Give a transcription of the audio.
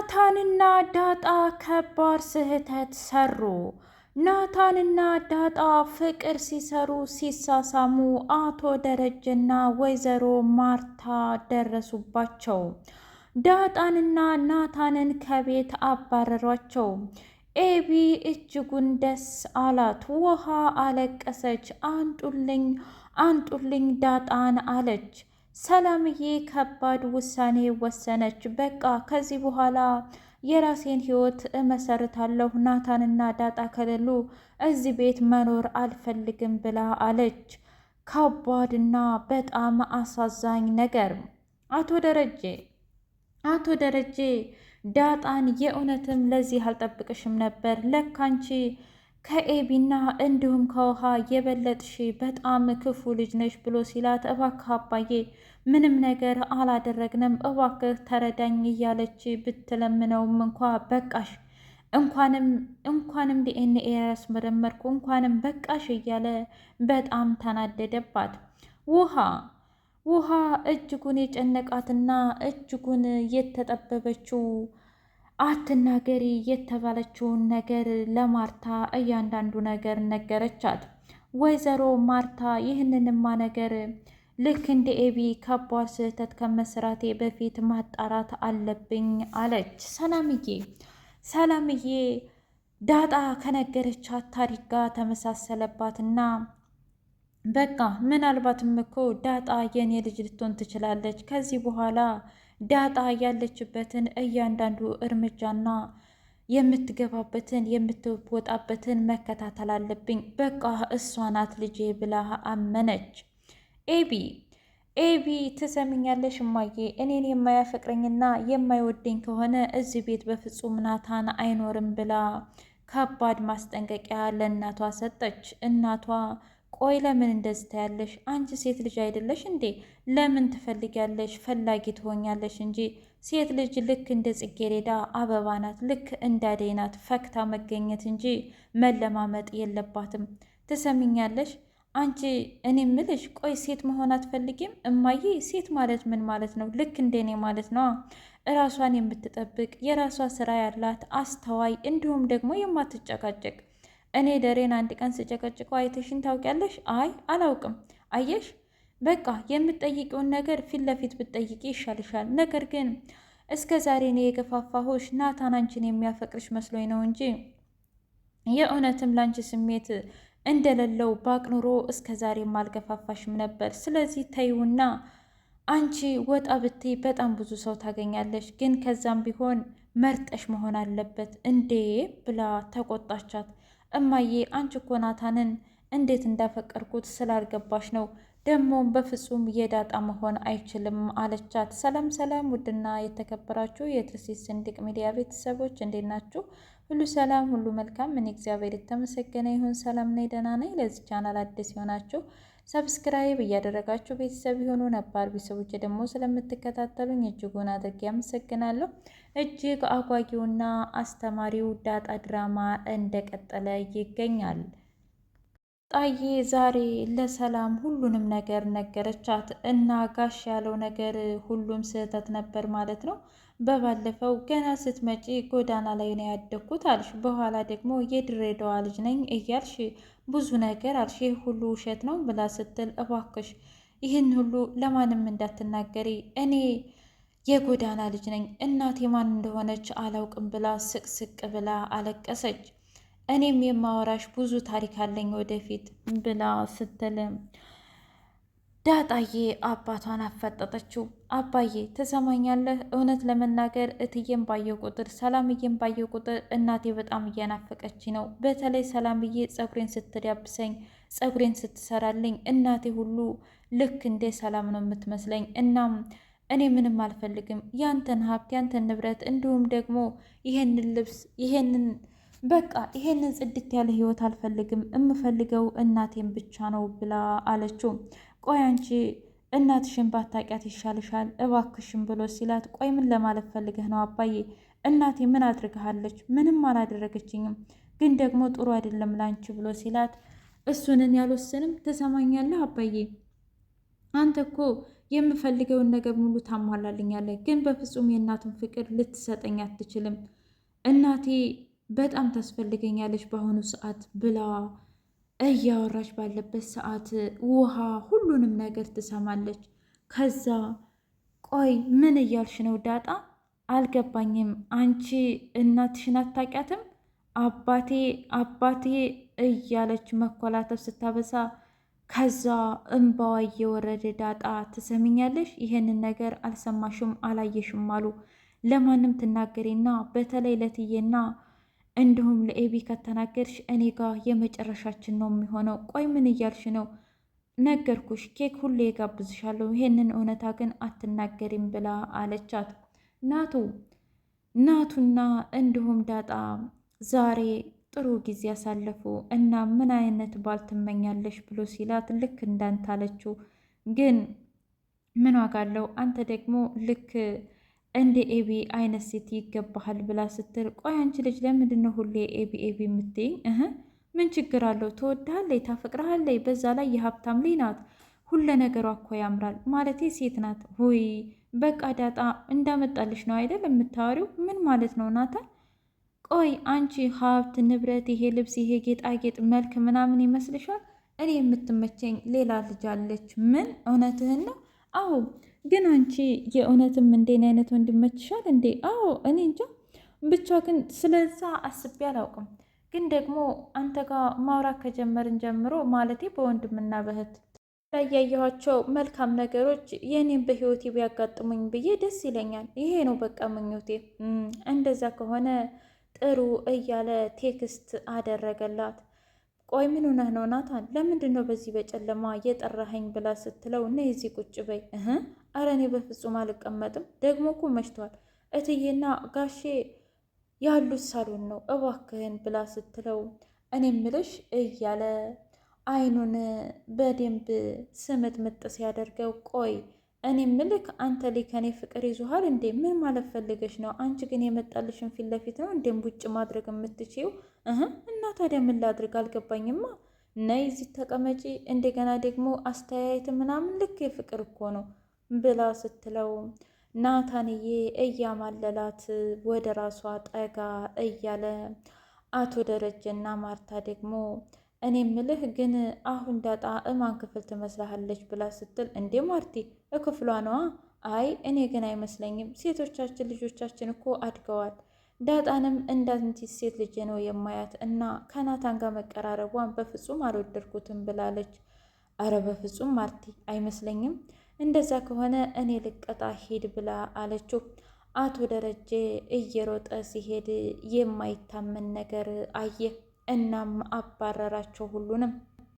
ናታንና ዳጣ ከባድ ስህተት ሰሩ። ናታንና ዳጣ ፍቅር ሲሰሩ ሲሳሳሙ አቶ ደረጀና ወይዘሮ ማርታ ደረሱባቸው። ዳጣንና ናታንን ከቤት አባረሯቸው። ኤቢ እጅጉን ደስ አላት። ውሃ አለቀሰች። አንጡልኝ አንጡልኝ ዳጣን አለች። ሰላምዬ ከባድ ውሳኔ ወሰነች። በቃ ከዚህ በኋላ የራሴን ህይወት እመሰርታለሁ፣ ናታንና ዳጣ ከሌሉ እዚህ ቤት መኖር አልፈልግም ብላ አለች። ከባድና በጣም አሳዛኝ ነገር አቶ ደረጀ አቶ ደረጀ ዳጣን የእውነትም ለዚህ አልጠብቅሽም ነበር ለካንቺ ከኤቢና እንዲሁም ከውሃ የበለጥሽ በጣም ክፉ ልጅ ነሽ ብሎ ሲላት፣ እባክህ አባዬ ምንም ነገር አላደረግንም፣ እባክህ ተረዳኝ እያለች ብትለምነውም እንኳ በቃሽ እንኳንም እንኳንም ዲኤንኤ ያስመረመርኩ እንኳንም በቃሽ እያለ በጣም ተናደደባት። ውሃ ውሃ እጅጉን የጨነቃትና እጅጉን የተጠበበችው አትናገሪ የተባለችውን ነገር ለማርታ እያንዳንዱ ነገር ነገረቻት። ወይዘሮ ማርታ ይህንንማ ነገር ልክ እንደ ኤቢ ከባድ ስህተት ከመስራቴ በፊት ማጣራት አለብኝ አለች። ሰላምዬ ሰላምዬ ዳጣ ከነገረቻት ታሪክ ጋር ተመሳሰለባትና በቃ ምናልባትም እኮ ዳጣ የኔ ልጅ ልትሆን ትችላለች ከዚህ በኋላ ዳጣ ያለችበትን እያንዳንዱ እርምጃና የምትገባበትን የምትወጣበትን መከታተል አለብኝ። በቃ እሷ ናት ልጄ ብላ አመነች። ኤቢ ኤቢ ትሰምኛለሽ? እማዬ እኔን የማያፈቅረኝና የማይወደኝ ከሆነ እዚህ ቤት በፍጹም ናታን አይኖርም ብላ ከባድ ማስጠንቀቂያ ለእናቷ ሰጠች። እናቷ ቆይ ለምን እንደዚህ ታያለሽ? አንቺ ሴት ልጅ አይደለሽ እንዴ? ለምን ትፈልጊያለሽ? ፈላጊ ትሆኛለሽ እንጂ ሴት ልጅ ልክ እንደ ጽጌሬዳ አበባ ናት፣ ልክ እንዳደይ ናት። ፈክታ መገኘት እንጂ መለማመጥ የለባትም። ትሰሚኛለሽ? አንቺ እኔ ምልሽ፣ ቆይ ሴት መሆን አትፈልጊም? እማዬ ሴት ማለት ምን ማለት ነው? ልክ እንደኔ ማለት ነዋ። እራሷን የምትጠብቅ የራሷ ስራ ያላት አስተዋይ፣ እንዲሁም ደግሞ የማትጨቃጨቅ እኔ ደሬን አንድ ቀን ስጨቀጭቀው አይተሽን ታውቂያለሽ? አይ አላውቅም። አየሽ በቃ የምትጠይቂውን ነገር ፊት ለፊት ብትጠይቂ ይሻልሻል። ነገር ግን እስከ ዛሬ እኔ የገፋፋሁሽ ናታን አንቺን የሚያፈቅርሽ መስሎኝ ነው እንጂ የእውነትም ላንቺ ስሜት እንደሌለው ባቅ ኑሮ እስከ ዛሬም አልገፋፋሽም ነበር። ስለዚህ ተይውና አንቺ ወጣ ብትይ በጣም ብዙ ሰው ታገኛለሽ። ግን ከዛም ቢሆን መርጠሽ መሆን አለበት እንዴ ብላ ተቆጣቻት። እማዬ አንቺ እኮ ናታንን እንዴት እንዳፈቀርኩት ስላልገባሽ ነው ደግሞም በፍጹም የዳጣ መሆን አይችልም አለቻት። ሰላም ሰላም! ውድና የተከበራችሁ የትርሲት ስንድቅ ሚዲያ ቤተሰቦች እንዴት ናችሁ? ሁሉ ሰላም፣ ሁሉ መልካም። እኔ እግዚአብሔር የተመሰገነ ይሁን ሰላም ነኝ፣ ደህና ነኝ። ለዚህ ቻናል አዲስ ይሆናችሁ ሰብስክራይብ እያደረጋችሁ ቤተሰብ የሆኑ ነባር ቤተሰቦች ደግሞ ስለምትከታተሉኝ እጅጉን አድርጌ አመሰግናለሁ። እጅግ አጓጊውና አስተማሪው ዳጣ ድራማ እንደቀጠለ ይገኛል። ጣዬ ዛሬ ለሰላም ሁሉንም ነገር ነገረቻት እና ጋሽ ያለው ነገር ሁሉም ስህተት ነበር ማለት ነው። በባለፈው ገና ስትመጪ ጎዳና ላይ ነው ያደግኩት አልሽ፣ በኋላ ደግሞ የድሬዳዋ ልጅ ነኝ እያልሽ ብዙ ነገር አልሽ። ይህ ሁሉ ውሸት ነው ብላ ስትል እባክሽ ይህን ሁሉ ለማንም እንዳትናገሪ እኔ የጎዳና ልጅ ነኝ እናቴ ማን እንደሆነች አላውቅም ብላ ስቅስቅ ብላ አለቀሰች። እኔም የማወራሽ ብዙ ታሪክ አለኝ ወደፊት ብላ ስትል ዳጣዬ አባቷን አፈጠጠችው። አባዬ ትሰማኛለህ? እውነት ለመናገር እትዬን ባየው ቁጥር ሰላምዬን ባየው ቁጥር እናቴ በጣም እያናፈቀች ነው። በተለይ ሰላምዬ ፀጉሬን ስትዳብሰኝ፣ ፀጉሬን ስትሰራልኝ እናቴ ሁሉ ልክ እንዴ ሰላም ነው የምትመስለኝ። እናም እኔ ምንም አልፈልግም ያንተን ሀብት፣ ያንተን ንብረት እንዲሁም ደግሞ ይሄንን ልብስ ይሄንን በቃ ይሄንን ጽድት ያለ ህይወት አልፈልግም። የምፈልገው እናቴን ብቻ ነው ብላ አለችው። ቆይ አንቺ እናትሽን ባታውቂያት ይሻልሻል እባክሽን ብሎ ሲላት፣ ቆይ ምን ለማለት ፈልገህ ነው አባዬ? እናቴ ምን አድርግሃለች? ምንም አላደረገችኝም፣ ግን ደግሞ ጥሩ አይደለም ላንቺ ብሎ ሲላት፣ እሱንን ያልወስንም ትሰማኛለህ አባዬ አንተ እኮ የምፈልገውን ነገር ሙሉ ታሟላልኛለህ፣ ግን በፍጹም የእናቱን ፍቅር ልትሰጠኝ አትችልም። እናቴ በጣም ታስፈልገኛለች በአሁኑ ሰዓት ብላ እያወራች ባለበት ሰዓት ውሃ ሁሉንም ነገር ትሰማለች። ከዛ ቆይ ምን እያልሽ ነው ዳጣ? አልገባኝም። አንቺ እናትሽን አታውቂያትም? አባቴ አባቴ እያለች መኮላተፍ ስታበሳ ከዛ እምባዋ እየወረደ ዳጣ ትሰሚኛለሽ? ይሄንን ነገር አልሰማሽም አላየሽም አሉ ለማንም ትናገሬና በተለይ ለትዬና እንዲሁም ለኤቢ ከተናገርሽ እኔ ጋር የመጨረሻችን ነው የሚሆነው። ቆይ ምን እያልሽ ነው? ነገርኩሽ፣ ኬክ ሁሌ የጋብዝሻለሁ፣ ይሄንን እውነታ ግን አትናገሪም ብላ አለቻት። ናቱ ናቱና እንዲሁም ዳጣ ዛሬ ጥሩ ጊዜ ያሳለፉ እና ምን አይነት ባል ትመኛለሽ ብሎ ሲላት ልክ እንዳንታለችው ግን ምን ዋጋ አለው አንተ ደግሞ ልክ እንደ ኤቢ አይነት ሴት ይገባሃል ብላ ስትል፣ ቆይ አንቺ ልጅ ለምንድን ነው ሁሌ ኤቢ ኤቢ የምትይኝ? እህ ምን ችግር አለው? ትወድሃለች፣ ታፈቅርሃለች። በዛ ላይ የሀብታም ልጅ ናት። ሁለ ነገሯ እኮ ያምራል። ማለቴ ሴት ናት። ውይ በቃ ዳጣ እንዳመጣልሽ ነው አይደል የምታወሪው? ምን ማለት ነው ናታን? ቆይ አንቺ ሀብት ንብረት፣ ይሄ ልብስ፣ ይሄ ጌጣጌጥ፣ መልክ ምናምን ይመስልሻል? እኔ የምትመቸኝ ሌላ ልጅ አለች። ምን እውነትህን ነው? አዎ ግን አንቺ የእውነትም እንዴን አይነት ወንድም ይመችሻል እንዴ? አዎ እኔ እንጃ ብቻ ግን ስለዛ አስቤ አላውቅም። ግን ደግሞ አንተ ጋር ማውራት ከጀመርን ጀምሮ ማለቴ በወንድምና በእህት ላይ ያየኋቸው መልካም ነገሮች የእኔም በህይወቴ ቢያጋጥሙኝ ብዬ ደስ ይለኛል። ይሄ ነው በቃ ምኞቴ። እንደዛ ከሆነ ጥሩ እያለ ቴክስት አደረገላት። ቆይ ምን ሆነህ ነው ናታን? ለምንድን ነው በዚህ በጨለማ የጠራኸኝ? ብላ ስትለው እና የዚህ ቁጭ በይ አረ እኔ በፍጹም አልቀመጥም። ደግሞ እኮ መሽቷል። እትዬና ጋሼ ያሉት ሳሎን ነው እባክህን ብላ ስትለው እኔ ምልሽ እያለ አይኑን በደንብ ስምጥምጥ ሲያደርገው ቆይ እኔ ምልክ አንተ ላይ ከኔ ፍቅር ይዞሃል እንዴ? ምን ማለት ፈልገሽ ነው? አንቺ ግን የመጣልሽን ፊት ለፊት ነው እንዴም ውጭ ማድረግ የምትችይው? እና ታዲያ ምን ላድርግ አልገባኝማ። ነይ እዚህ ተቀመጪ። እንደገና ደግሞ አስተያየት ምናምን ልክ የፍቅር እኮ ነው ብላ ስትለው ናታንዬ እያማለላት ወደ ራሷ ጠጋ እያለ አቶ ደረጀ እና ማርታ ደግሞ እኔ ምልህ ግን አሁን ዳጣ እማን ክፍል ትመስላለች ብላ ስትል እንዴ ማርቲ እክፍሏ ነዋ አይ እኔ ግን አይመስለኝም ሴቶቻችን ልጆቻችን እኮ አድገዋል ዳጣንም እንዳንቲ ሴት ልጀ ነው የማያት እና ከናታን ጋር መቀራረቧን በፍጹም አልወደድኩትም ብላለች አረ በፍጹም ማርቲ አይመስለኝም እንደዛ ከሆነ እኔ ልቀጣ ሂድ ብላ አለችው። አቶ ደረጀ እየሮጠ ሲሄድ የማይታመን ነገር አየ። እናም አባረራቸው ሁሉንም።